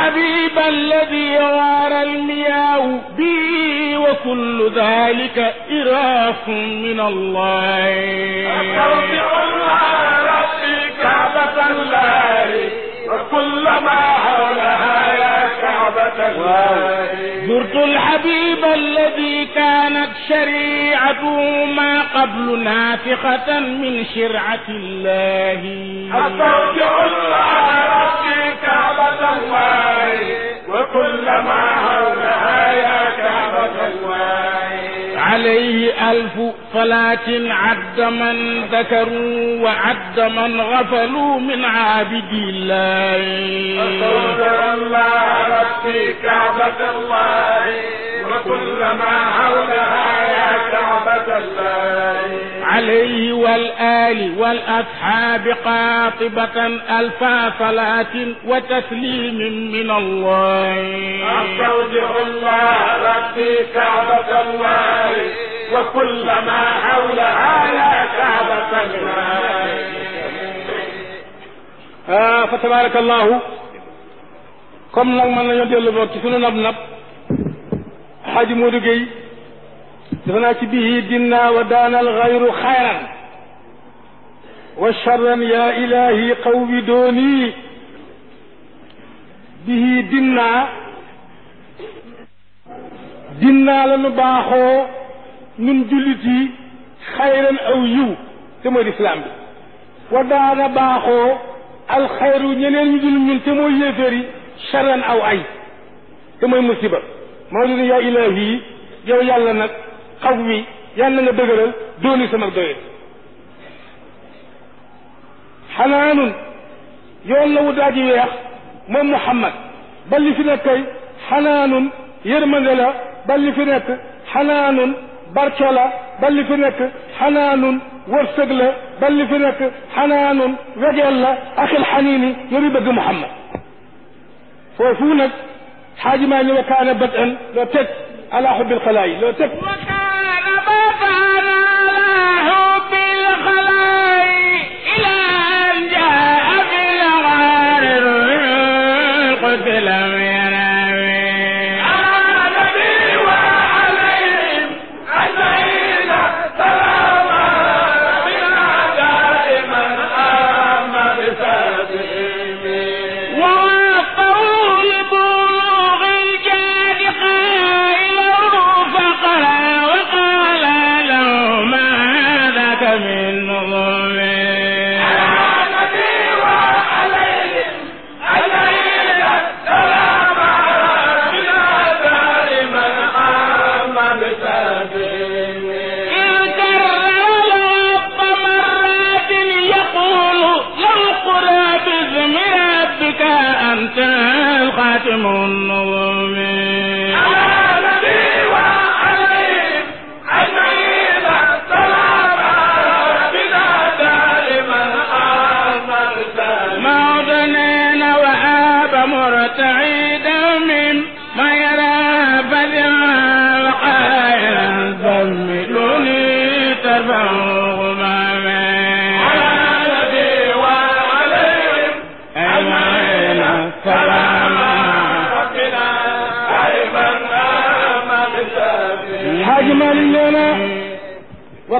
الحبيب الذي وارى المياه به وكل ذلك إراف من الله الله ربي كعبة الله وكل ما حولها يا كعبة الله زرت الحبيب الذي كانت شريعته ما قبل نافخة من شرعة الله أسترجع الله كعبة الله وكلما هولها يا كعبة الله عليه ألف صلاة عد من ذكروا وعد من غفلوا من عابدي الله أستودع الله ربي كعبة الله وكلما عليه والآل والأصحاب قاطبة ألفا صلاة وتسليم من الله أستودع الله ربي كعبة الله وكل ما حولها لا كعبة الله آه، فتبارك الله كم comme nag mën nañoo dellu boog ci sunu nab دفنا به دنا ودان الغير خيرا وشرا يا الهي قوي دوني به دنا دنا لنباخو من جلتي خيرا او يو تم الاسلام ودان باخو الخير ينين يدل من تمو يفري شرا او اي تم المصيبه ما يا الهي يا يالا نك xaw mi yàlla nga dëgëral dooni sama doyet xanaanun yoon la wu daaji weex moom muhammad ba li fi nekk kay xanaanun yërmande la ba li fi nekk xanaanun barco la ba li fi nekk xanaanun wërsëg la ba li fi nekk xanaanun wegeel la akil xaniini yori bëgg muhammad foofu nag xaaji maa ni wa kaana badan loo teg ala xubbil xalaayi loo teg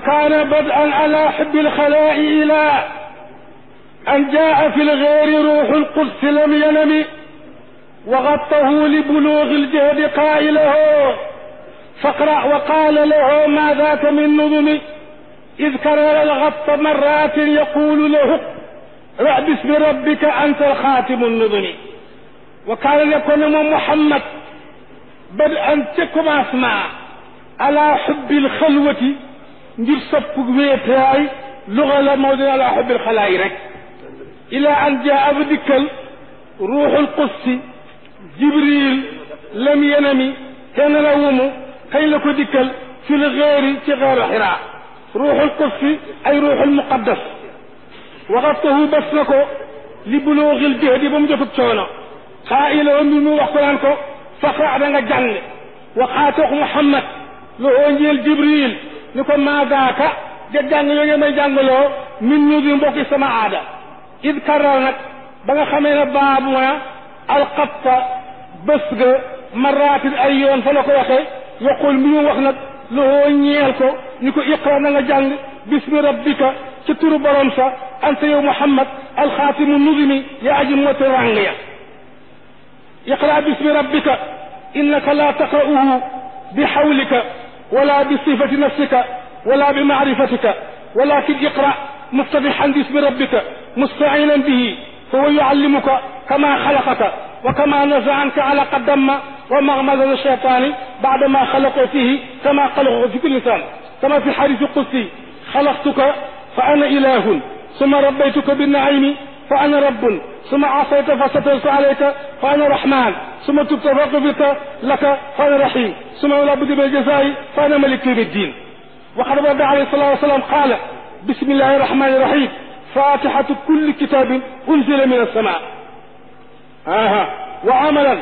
وكان بدءا على حب الخلاء إلى أن جاء في الغير روح القدس لم ينم وغطه لبلوغ الجهد قائله فاقرأ وقال له ما ذاك من نظم إذ كرر الغط مرات يقول له اقرأ باسم ربك أنت الخاتم النظم وكان يكون محمد بدءا تكم أسماء على حب الخلوة ngir sopp wéetaay luga la moo dina laa xubbil xalaay rek ila an jaa ba dikkal ruuxul qudsi jibril lam yenami te nelawumu kañ la ko dikkal fi l xeeri ci xeeru xiraa ruuxul qudsi ay ruuxul muqaddas waxatahu bas na ko li bulooxil jëhdi ba mu jotub coono xaa iloo mbir mu wax ko naan ko faqra da nga jàng waxaatox muhammad loo ñeel jibril ni ko maadaaka jëggaan yooyu may jangalo min ñu di mbokk sama aada id karal nak ba nga xamee ne baabu ma alxatta bés ga marat ay yoon fa la ko waxee yaqul mi wax nak lo ñeel ko ni ko iqra na nga jàng bismi rabbika ci turu borom sa anta yow muhammad al khatim an nuzimi ya ajim moti ràng ya iqra bismi rabbika innaka la taqra'u bi xawlika ولا بصفة نفسك ولا بمعرفتك ولكن اقرأ مفتتحا باسم ربك مستعينا به هو يعلمك كما خلقك وكما نزع عنك على الدم ومغمز الشيطان بعدما خلق فيه كما خلق في كل انسان كما في حديث القدسي خلقتك فأنا إله ثم ربيتك بالنعيم فأنا رب ثم عصيت فسترت عليك فأنا رحمن ثم تتفق بك لك فأنا رحيم ثم لا بد من جزائي فأنا ملك يوم الدين وقد النبي عليه الصلاة والسلام قال بسم الله الرحمن الرحيم فاتحة كل كتاب أنزل من السماء آه. وعملا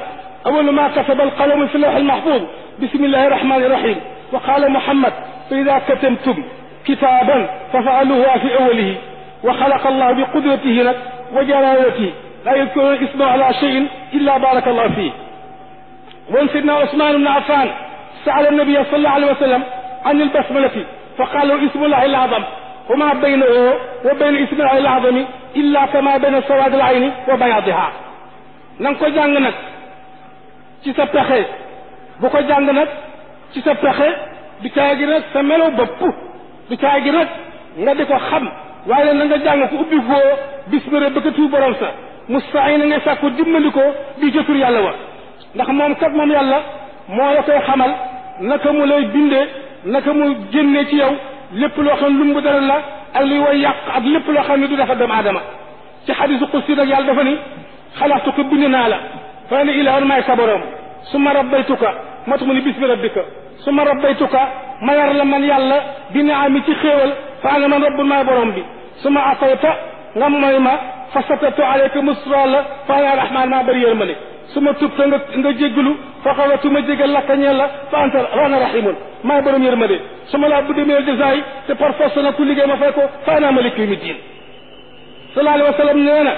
أول ما كتب القلم في اللوح المحفوظ بسم الله الرحمن الرحيم وقال محمد فإذا كتمتم كتابا ففعلوها في أوله وخلق الله بقدرته لك وجلالته لا يذكر اسمه على شيء إلا بارك الله فيه وإن سيدنا عثمان بن عفان سأل النبي صلى الله عليه وسلم عن البسملة فقالوا اسم الله الأعظم وما بينه وبين اسم الله الأعظم إلا كما بين سواد العين وبياضها نانكو جانغ نك سي sa pexe bu ko jàng nag ci sa pexe du caay gi nag sa melo bopp du caay gi nag nga di ko xam waaye na nga jàng mustaayina ngay sàkku dimbandikoo di jëfur yàlla wa ndax moom kat moom yàlla moo la koy xamal naka mu lay bindee naka mu génnee ci yow lépp loo xam lumb dara la ak luy way yàq ak lépp loo xam ne du dafa doomu aadama ci xadisu qudsi nag yàlla dafa ni xalaatu ko bind naa la fa ne ilahan maay sa borom su ma rabbaytuka moo tax mu ni bismi rabbika su ma rabbaytuka ma yar la man yàlla bi naami ci xéewal fa ana man rabbul maay borom bi su ma afayta nga mooy ma fa sakatu alayka musra la fa yaa rahmaan maa bëri yërmande su ma tub nga nga jéggalu fa xawatu ma jégal lakkañee la fa anta waana rahimun maay borom yërmande su ma laa budde meel jasaay te par force na ku liggéey ma fay ko fa ana malik yawmi diin sallallahu alayhi na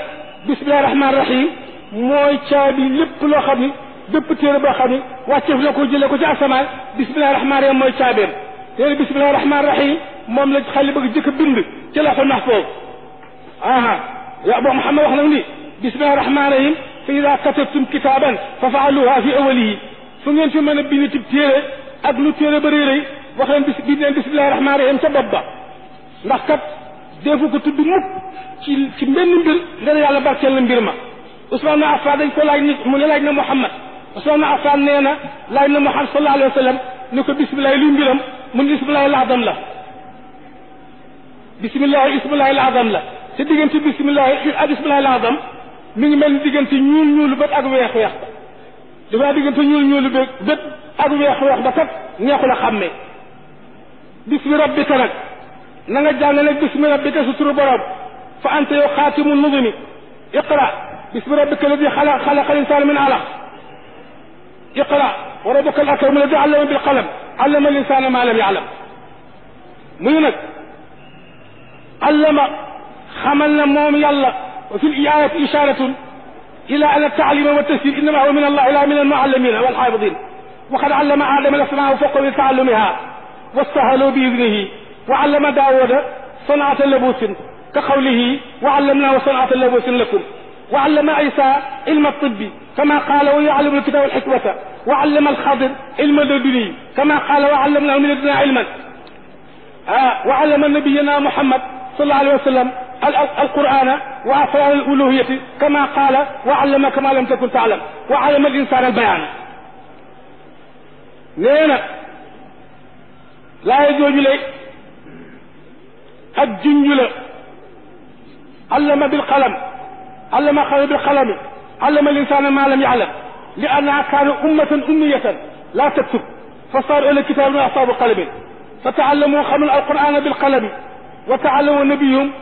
bismillahi rahmaani rahim mooy caabi lépp loo xam ni bépp boo xam ni wàcceef la ko jëlee ko ci asamaan bismillahi rahmaani rahim mooy caabeem téere bismillahi rahmaani rahim moom la xale bëgg jëkk bind ci loxo nax foofu يا أبو محمد أخلوني بسم الله الرحمن الرحيم فإذا كتبتم كتابا ففعلوها في أوله سنين في من بني تبتيري أبلو تيري بريري وخلن بس بسم بس الله الرحمن الرحيم تبابا نحكت ديفو كتب بموك كي مبين نبير غير يالا باركيال نبير ما أسوانا أفاد يكو لأي نسمون لأي محمد أسوانا أفاد نينا لأي محمد صلى الله عليه وسلم نكو بسم الله يلوم بيرم من بسم الله العظم لا بسم الله اسم الله العظم لا ci digënté bismillah ci ak bisimilah laazam mi ngi mel digënté ñuul ñuul ñuulu ak wéx wéx di ba digënté ñuul ñuul ñuulu bët ak wéx wéx ba kat neexu la xamé bismi rabbika nak na nga jàngal nag bismi rabbika su turu borom fa anta yow khatimun nuzmi iqra bismi rabbika alladhi ladi xalaq al-insana min alaq iqra wa rabbuka al akram alladhi allama bil qalam allama al-insana ma lam ya'lam muy nak allama xamal موم يلا وفي الآية إشارة إلى أن التعليم والتسجيل إنما هو من الله huwa من المعلمين والحافظين وقد علم آدم الأسماء فوق بتعلمها واستهلوا بإذنه وعلم داود صنعة لبوس كقوله وعلمناه صنعة لبوس لكم وعلم عيسى علم الطب كما قال ويعلم الكتاب الحكمة وعلم الخضر علم الدنيا كما قال وعلمناه من الدنيا علما آه وعلم نبينا محمد صلى الله عليه وسلم القرآن وأسرار الألوهية كما قال وعلم كما لم تكن تعلم وعلم الإنسان البيان نينا لا يجوز لي الجنجل علم بالقلم علم خلق بالقلم علم الإنسان ما لم يعلم لأنها كان أمة أمية لا تكتب فصار إلى كتاب اعصاب القلم فتعلموا خلق القرآن بالقلم وتعلموا نبيهم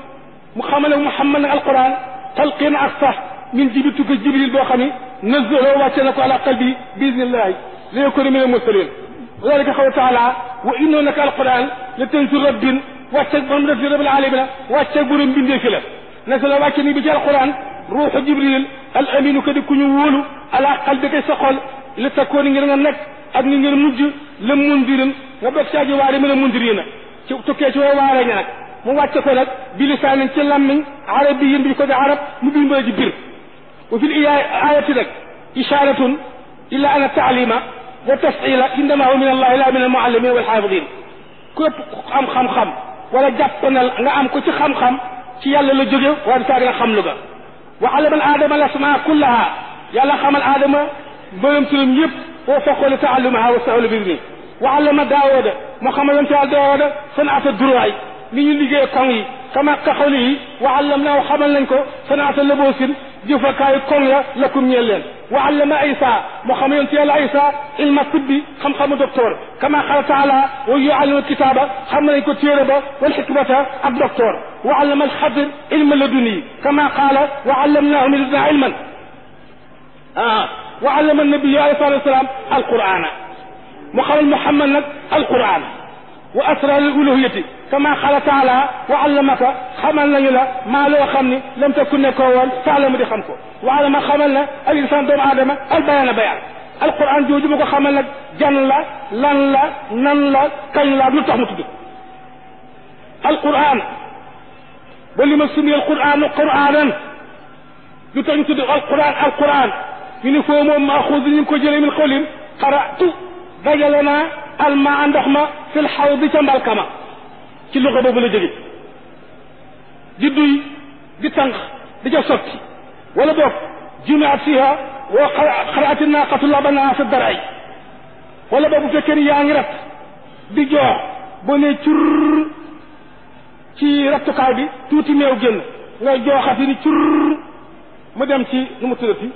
محمد محمد القران تلقين qur'an talqin asah min jibitu ko jibril bo xamni nazzalo wacce nako ala qalbi bismillah li yakunu min muslimin ذلك قول تعالى وإن لك القرآن لتنزل رب واتشك من رب العالمين واتشك من بن ديك له نزل واكني بجاء القرآن روح جبريل الأمين كده كن على قلبك سقل لتكون نجرنا نك أدن نجر مجر لمنذر وبكشاج واري من المنذرين تكيش وواري نك mu wàcce ko nag bi lisaanin ci lammiñ arabiyin bi ko di arab mu bimbale ji bir wa fil ayati nag isharatun illa ana taalima wa tasila indama huwa min allahi la min al almuallimin walxaafidin képp am xam-xam wala jàpp na nga am ko ci xam-xam ci yàlla la jóge waaye saa nga xam lu ga wa al adama al asmaa kullaha yàlla xamal aadama mboolem turam yëpp wa faqoole taallumaha wa sahlu birni wa alama daawooda mo xamal ci al daawooda sanata duraay li ñu liggéey kong yi kama kaxoli yi waxallam naa xamal nañ ko sanaata laboosin jëfakaayu kong ya lakum ñeel leen waxallama isa moo xam yoon ci yàlla isa ilma tibbi xam-xamu docteur kama xala taala wa yuallimu kitaaba xam nañ ko téere ba wal xikmata ak docteur waxallama alxadir ilma laduni kama qaala waxallamnaahu min ladunaa ilman ah وعلم النبي عليه الصلاه والسلام القران وقال محمد القران واسرى للالوهيه كما قال تعالى وعلمك خملنا يلا ما لو خمني لم تكن كوان تعلم دي خمكو ما خملنا الانسان دوم ادم البيان بيان القران جوج مكو خمل لك جان لا لان لا نان لا كان لا لو تخمو تدي القران بل ما سمي القران قرانا لو تخمو تدي القران القران من فو مو ماخذ ني كو جيري من قولين قرات دجلنا الماء اندخما في الحوض تمبالكما ci loxo boobu la jóge di duy di tànq di ca sotti wala boog jumaat fiha wa xaraati naaqatu labanaa sa daraay wala boog fekkee ni yaa ngi rat di joor boo nee curr ci rattukaay bi tuuti meew génn nga jooxati ni curr mu dem ci nu mu tuddati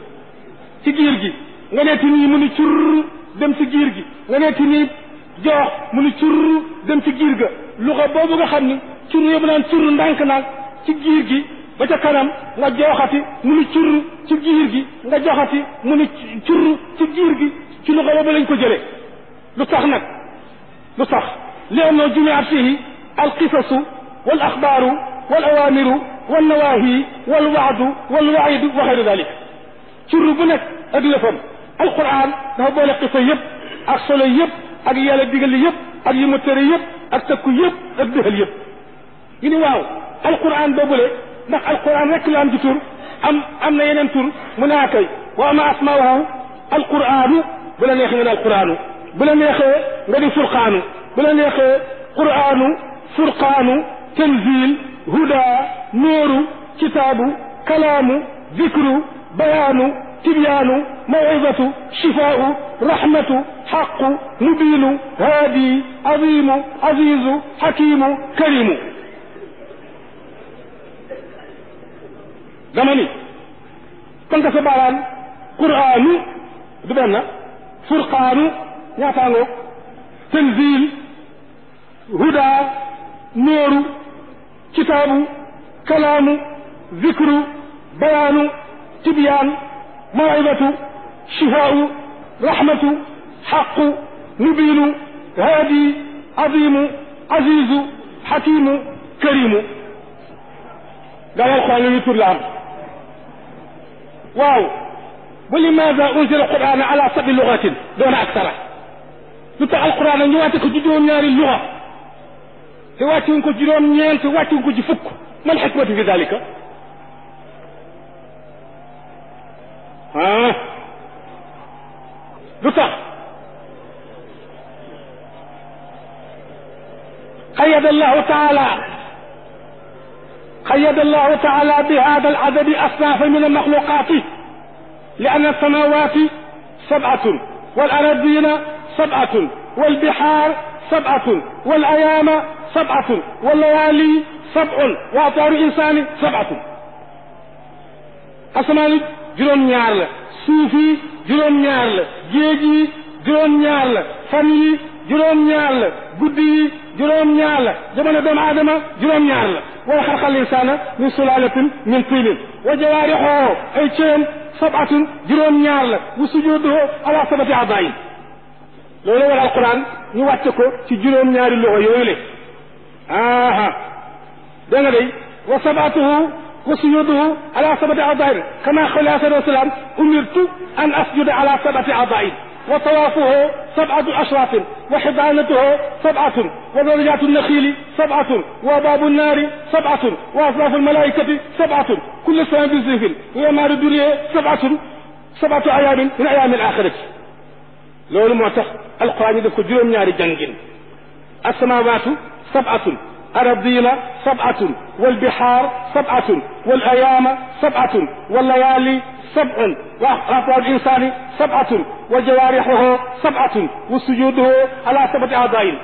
ci giir gi nga neeti nii mu ni curr dem ci giir gi nga neeti nii joox mu ni curr dem ci giir ga luxa boobu nga xam ni cur yooyu naan cur ndànk naag ci giir gi ba ca kanam nga joxati mu ni ci giir gi nga joxati mu ni cur ci giir gi ci luxa boobu lañ ko jëlee lu tax nag lu tax leennoo jumiat fihi alqisasu wal axbaaru wal awaamiru wal nawaahi wal waadu wal waidu wa xeyru dalik cur bu nekk ak lëfam alquran dafa boole qisa yëpp ak solo yëpp ak yàlla digal yëpp ak yi tere yëpp ak takku yëpp ak dëxal yëpp ñu ni waaw alquran boobule ndax alquran rek la am ci tur am am na yeneen tur mu naa kay wa ma asmaahu alquranu bu la neexee nga ne alquranu bu la neexee nga di furqaanu bu la neexee quranu furqaanu tanzil huda nooru kitaabu kalaamu zikru bayaanu tibyaanu mawizatu shifaau rahmatu xaqu mubiinu haadi azimu azizu xakimu karimu dama ni tënk sa baaraan quraanu du benn furqaanu ñaataangoog tanzil huda nooru kitaabu kalaamu zikru bayaanu tibyaan mawidatu shifaau rahmatu حق مبين هادي عظيم عزيز حكيم كريم قال القرآن يتر الأرض واو ولماذا أنزل القرآن على سبع لغات دون أكثر لتع القرآن نواتك جدون نار اللغة تواتينك جدون نار تواتينك جفك ما الحكمة في ذلك ها الله تعالى قيد الله تعالى بهذا العدد أصنافا من المخلوقات لأن السماوات سبعة والأراضين سبعة والبحار سبعة والأيام سبعة والليالي سبع وأطوار الإنسان سبعة asamaan جرونيال juróom جرونيال جيجي جرونيال فني جرونيال ñaar juróom-ñaar la jamono doomu aadama juróom-ñaar la wala xalqal insaana min sulaalatin min tiilin wa jawaarixoo ay cëyam sabatun juróom-ñaar la wa sujuuduhu ala sabati adaayin loolu wala alquran ñu wàcce ko ci juróom-ñaari loxo yooyu le aha da nga day wa sabatuhu wa sujuuduhu ala sabati adaayin kama qala alayhi salaatu wa salaam umirtu an asjuda ala sabati adaayin وطوافه سبعة أشراف وحضانته سبعة وذرجات النخيل سبعة وباب النار سبعة وأصناف الملائكة سبعة كل سنة بالزيف هي مار الدنيا سبعة سبعة أيام من أيام الآخرة لو لم القرآن يدفق جرم نار جنج السماوات سبعة أرضينا سبعة والبحار سبعة والأيام سبعة والليالي سبع وأحراف الإنسان سبعة وجوارحه سبعة وسجوده على سبعة أعضاء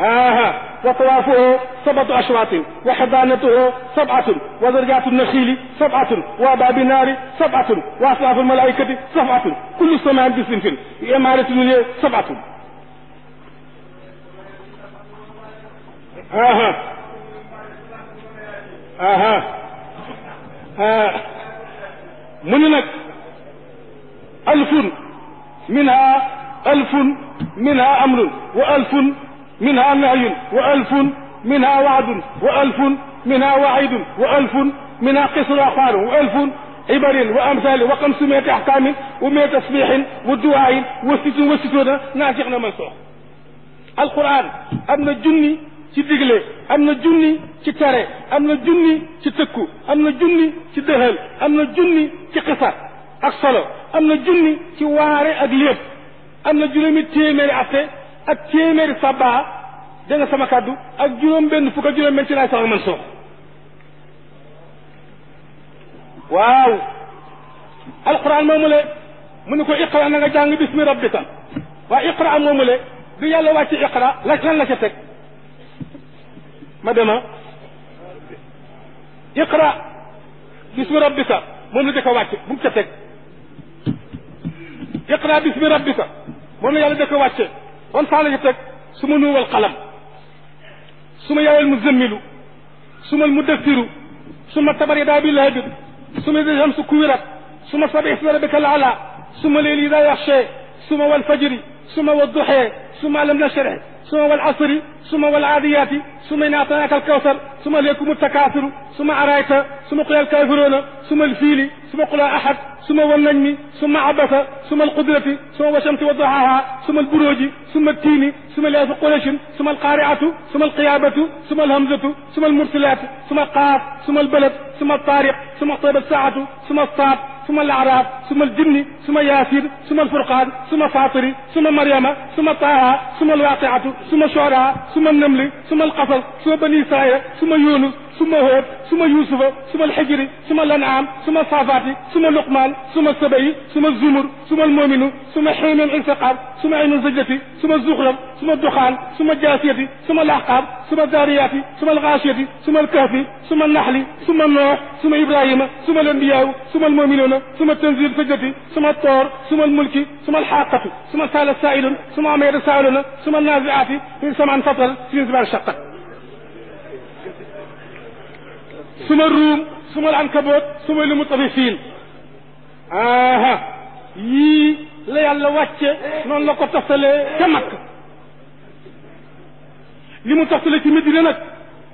آه وطوافه سبعة أشواط وحضانته سبعة ودرجات النخيل سبعة وباب النار سبعة وأصلاف الملائكة سبعة كل سماء بسنف إمارة الدنيا سبعة آه آه آه من هناك ألف منها ألف منها أمر وألف منها نهي وألف منها وعد وألف منها وعيد وألف منها قصر أخبار وألف عبر وأمثال وخمسمائة أحكام ومائة تسبيح ودعاء وستون وستون ناسخ منسوخ القرآن أبن الجني ci digle am na junni ci tere am na junni ci tëkku am na junni ci dëxal am na junni ci xisar ak solo am na junni ci waare ak lépp am na juróomi téeméeri atte ak téeméeri sabaa da nga sama kàddu ak juróom benn fukk ak juróom benn ci laay sax man soo waaw alquran moomu le mu ne ko iqra na nga jàng bismi rabbika waaye iqra moomu le du yàlla wàcc iqra la lan la ca teg مدما اقرا باسم ربك مون ديكا واتي بوم تا تك اقرا باسم ربك مون يالا ديكا واتي كون فالا جي تك سما نو والقلم سما يا المزمل سمو المدثر سمو تبر يدا بالله بد سمو ذي الشمس كويرات سما سبع ربك الاعلى سمو ليل اذا يخشى سمو والفجر سمو والضحى سمو لم نشرح سمو والعصر ثم والعاديات ثم إن أعطيناك الكوثر ثم ليكم التكاثر ثم أرأيت ثم قل الكافرون ثم الفيل ثم قل أحد ثم والنجم ثم عبث ثم القدرة ثم والشمس وضحاها ثم البروج ثم التين ثم الياس قريش ثم القارعة ثم القيابة ثم الهمزة ثم المرسلات ثم القاف ثم البلد ثم الطارق ثم طيب الساعة ثم الصاد ثم الأعراف ثم الجن ثم ياسين ثم الفرقان ثم فاطر ثم مريم ثم طه ثم الواقعة ثم الشعراء ثم suma nëmli suma alxasal suma bani saaya suma yoonus ثم هود ثم يوسف ثم الحجر ثم الأنعام ثم الصافات ثم لقمان ثم السبعي ثم الزمر ثم المؤمن ثم حين الانتقام ثم عين الزجة ثم الزخرف ثم الدخان ثم الجاسية ثم الأحقاب ثم الذاريات ثم الغاشية ثم الكهف ثم النحل ثم النوح ثم إبراهيم ثم الأنبياء ثم المؤمنون ثم تنزيل سجدة ثم الطور ثم الملك ثم الحاقة ثم سال السائل ثم عمير سائلون ثم النازعات من سمع فطر في زبار شقة suma ruum suma ankaboot suma li mu tafifiin aha yii la yàlla wàcce noonu la ko toftalee ca li mu toftale ci medina nag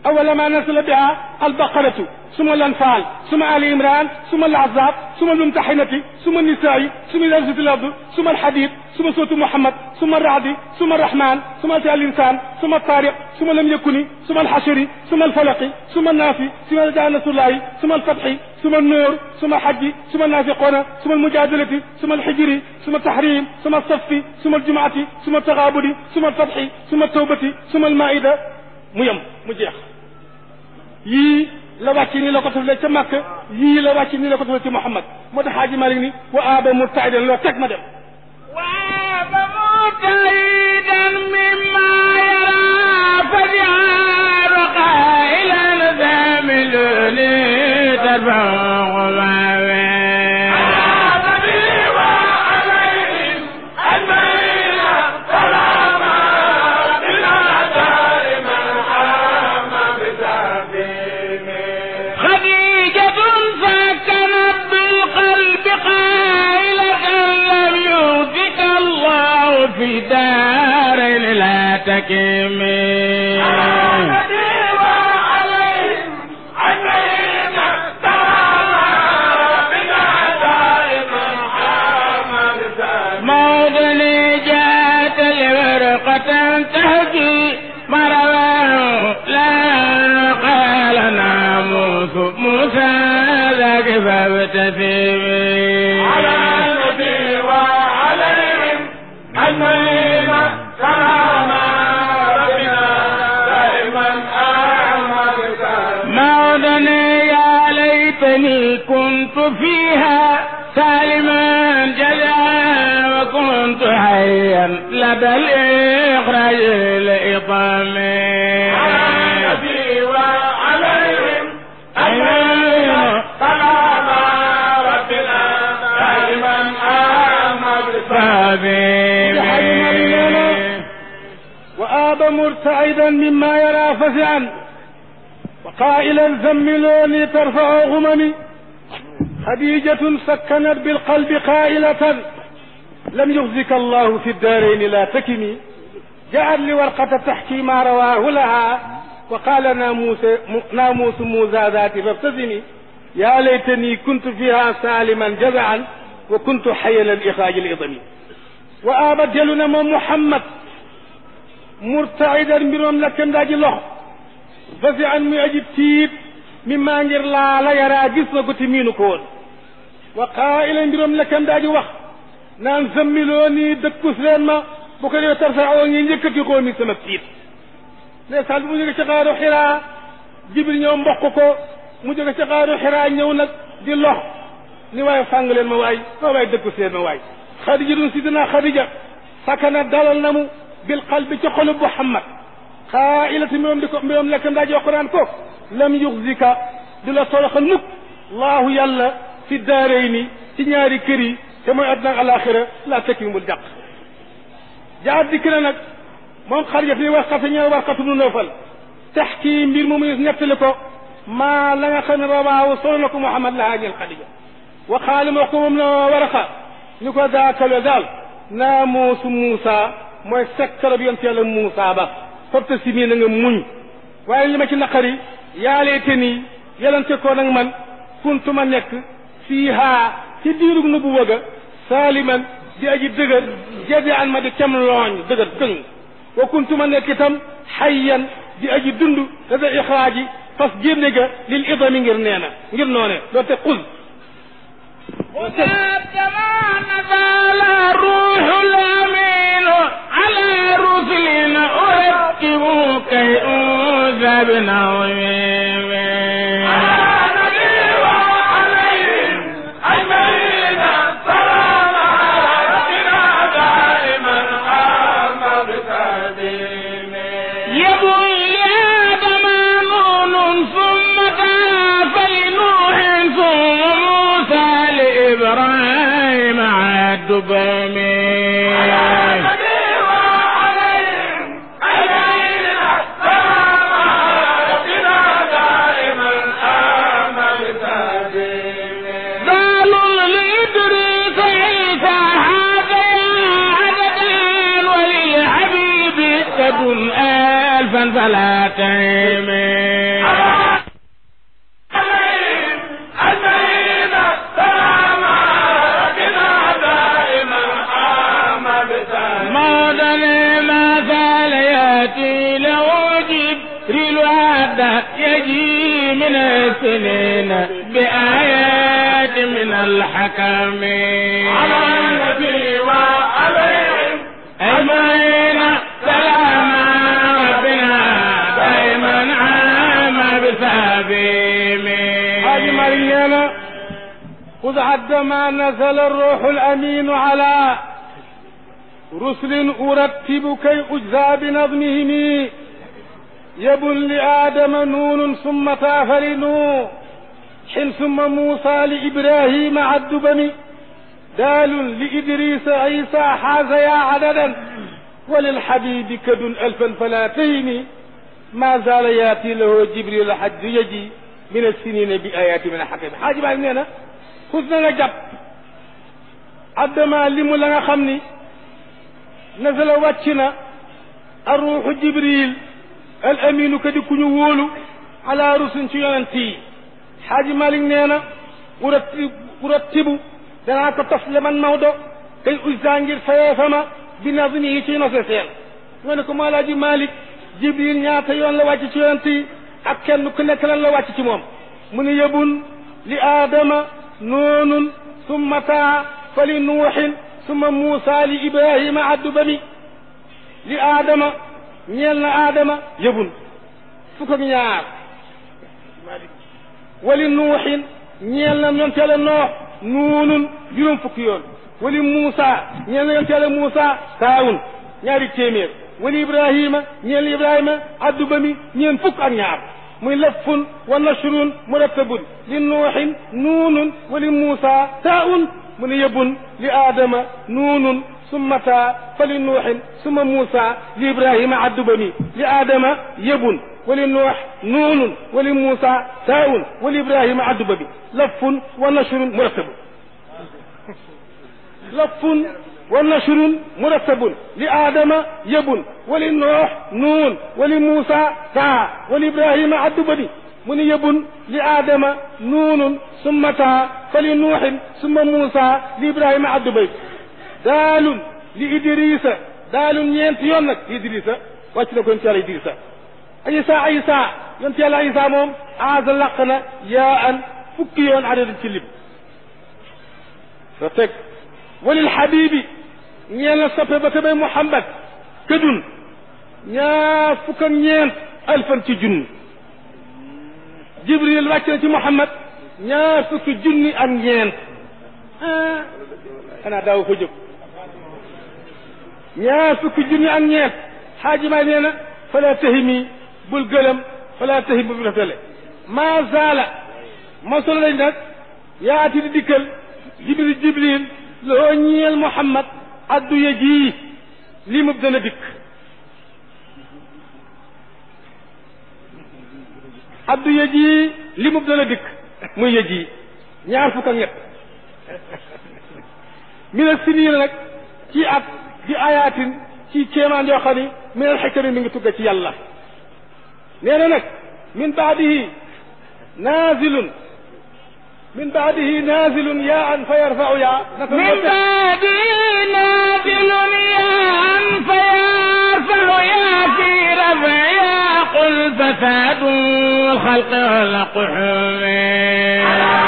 أول ما نزل بها البقرة ثم الأنفال ثم آل عمران ثم العذاب ثم الممتحنة ثم النساء ثم درجة الأرض ثم الحديد ثم صوت محمد ثم الرعد ثم الرحمن ثم أتى الإنسان ثم الطارق ثم لم يكن ثم الحشر ثم الفلق ثم النافي ثم جاء نصر الله ثم الفتح ثم النور ثم الحج ثم النافقون ثم المجادلة ثم الحجر ثم التحريم ثم الصف ثم الجمعة ثم التغابر ثم الفتح ثم التوبة ثم المائدة ميم مجيخ yii la wàcc nii la ko tofale ca Makka yii la wàcc nii la ko tofale ci Muhammad moo tax Xaaji Malik ni wa aaba murtaidan loo teg ma dem wa aaba murtaidan mimma के में بلغ الاخرج الإطام على سلام دائما وآب مرتعدا مما يرى فزعا وقائلا زملوني ترفع غممي خديجة سكنت بالقلب قائلة لم يخزك الله في الدارين لا تكني جعل لي ورقة تحكي ما رواه لها وقال ناموس ناموس موسى ذات فابتزني يا ليتني كنت فيها سالما جزعا وكنت حيا للإخراج الإضمي وآبت جلنا محمد مرتعدا mbiroom lakkam daa ji فزعا ba تيب مما نجر لا لا يرى جسمك ngir وقائلا la yaraa gis na naan zammiloo nii dëkkus leen ma bu ko defee tarfaoo ñu yëkkati ko ni sama tiit ndeysaan bi mu jóge ci xaaru xiraa jibril ñëw mboq ko mu jóge ci xaaru xiraa ñëw nag di lox ni waaye fàng leen ma waay ma waay dëkkus leen ma waay xadija dun si dinaa xadija sakana dalal na mu bil qalbi ci xolub muhammad xaailati mbirom di ko mbirom nekk ndaaj wax ko naan ko lam yuxzika du la soloxal mukk laahu yàlla fi daarayni ci ñaari kër yi te mooy àddina alaxira la takimul dàq jaat dikk na nag moom xarja fi warxata ñëw warxatu nu noofal tax kii mbir mu muy nettali ko maa la nga xam ne rawaaw solo na ko muhammad lahaa ñel xadija wa xaalim wax ko moom na waraxa ni ko daakalo daal naamuusu muusa mooy sekkalab yonte yàlla muusa ba fobta si mii na nga muñ waaye li ma ci naqari yaalee te nii yelante koo nag man kuntu ma nekk fii haa ci diirug nubuwa ga سالما دي اجي دغر جدي ان ما دي لون دغر كن وكنت من الكتم حيا دي اجي دند هذا اخراجي فاس جينيغا للاضم غير نينا غير نوني دوت قل كما نزال روح الامين على رسلنا اركبوا كي اوذى بما المؤمنين بآيات من الحكم على النبي وعليهم أجمعين سلام ربنا دائما عام بسبيم هذه مريم خذ حد ما نزل الروح الأمين على رسل أرتب كي أجزى بنظمهم يبن لآدم نون ثم تاف حين ثم موسى لإبراهيم عد بني دال لإدريس عيسى حاز يا عددا وللحبيب كد ألفا فلاتين ما زال ياتي له جبريل حج يجي من السنين بآيات من الحكيم حاجب بعد نينا خذنا نجب عبد ما لم لنا خمني نزل واتشنا الروح جبريل al aminu ka di ku ñu wóolu ala rusul ci yonent yi xaaji malik nee na urati uratibu danaa ko tos le man mawdo kay uzza ngir fayeefama bi nazmi yi ci nose seen nga ne ko moo laaji malik jibril ñaata yoon la wàcc ci yonent yi ak kenn ku nekk lan la wàcc ci moom mu ne yebun li aadama noonun summa taa fa li nuuxin summa muusa li ibrahima addu ba mi li aadama ñeel na aadama yëbun fukk ak ñaar wali nuuxin ñeel na ñoom teela noox nuunun juróom fukki yoon wali muusa ñeel na ñoom teela muusa taawun ñaari téeméer wali ibrahima ñeel na ibrahima addu ba mi fukk ak ñaar muy lëffun wa nashrun murattabun li nuuxin nuunun wali muusa taawun mu ne yëbun li aadama nuunun ثم تا فلنوح ثم موسى لإبراهيم عبد بني لآدم يب ولنوح نون ولموسى تاء ولإبراهيم عبد بني لف ونشر مرتب لف ونشر مرتب لآدم يب ولنوح نون ولموسى تاء ولإبراهيم عبد بني من منيب لآدم نون ثم تا فلنوح ثم موسى لإبراهيم عبد بني daalun li idrisa daalun ñeenti yoon nag li idrisa wàcc ko yonent yàlla idrisa isa isa yonent yàlla isa moom aasa làq na yaa an fukki yoon adadin ci lim sa teg walil habibi ñeel na soppe ba tabay muhammad këdun ñaar fukk ak ñeent alfan ci junni jibril wàcc na ci muhammad ñaar fukki junni ak ñeent ah, xanaa daaw ko ñaar fukki junni ak ñeent xaajimaay nee na falaa tahimi bul gëlëm falaa tahimi bul def dele maa zaala mosolo lañ nag yaati di dikkal jibril jibril loo ñeel muhammad addu ya jii lii mu dana dikk addu ya jii lii mu dana dikk muy ya jii ñaar fukk ak ñett mi nag si niina nag ci at di ayaatin ci kéemaan yoo xani min al hikam mi ngi tugga ci yàlla neena nak nag min baadihi naazilun من بعده نازل ياء فيرفع ياء من بعده نازل ياء فيرفع ياء في رفع ياء قل فساد الخلق والقحوم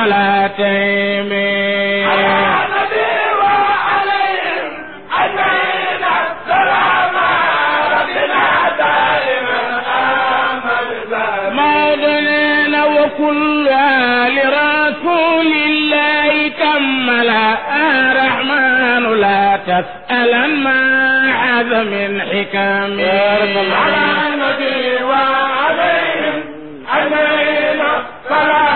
صلاتهم على النبي وعليهم أجمعين السلام ربنا دائما آمن وكل الله كملا الرحمن آه، لا تسأل ما عز من حكم على النبي وعليهم أجمعين السلام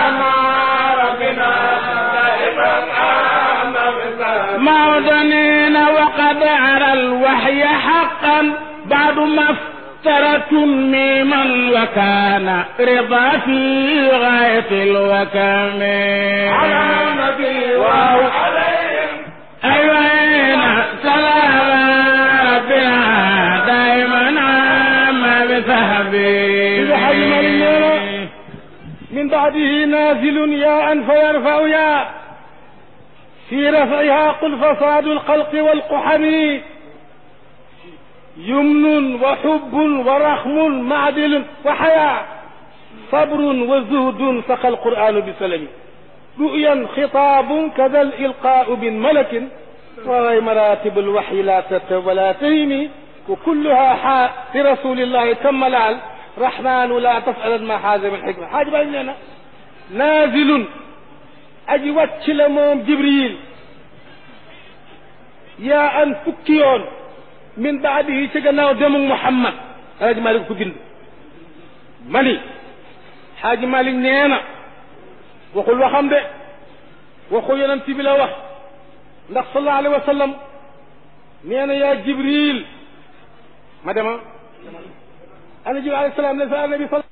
وهي حقا بعد ما افترت ميما وكان رضا في غاية الوكام على النبي أيوة، دائما من بعده نازل يا أن فيرفع يا في رفعها قل فساد الخلق والقحم يمن وحب ورحم معدل وحياء صبر وزهد سقى القرآن بسلم رؤيا خطاب كذا الإلقاء من ملك وهي مراتب الوحي لا تت ولا تهمي وكلها حاء في رسول الله تم ملال رحمن لا تسأل ما حاز من حكمة حاجة بعدين نازل aji wàcc جبريل يا أن فكيون min baadihi ci gannaaw demuk muhammad alaaji malik ko bind mani xaaji malik nee na waxul waxam de waxu yonent bi la wax ndax sallallahu alayhi wa sallam nee na yaa jibril ma dema ana jibril alayhi salaam la sa nabi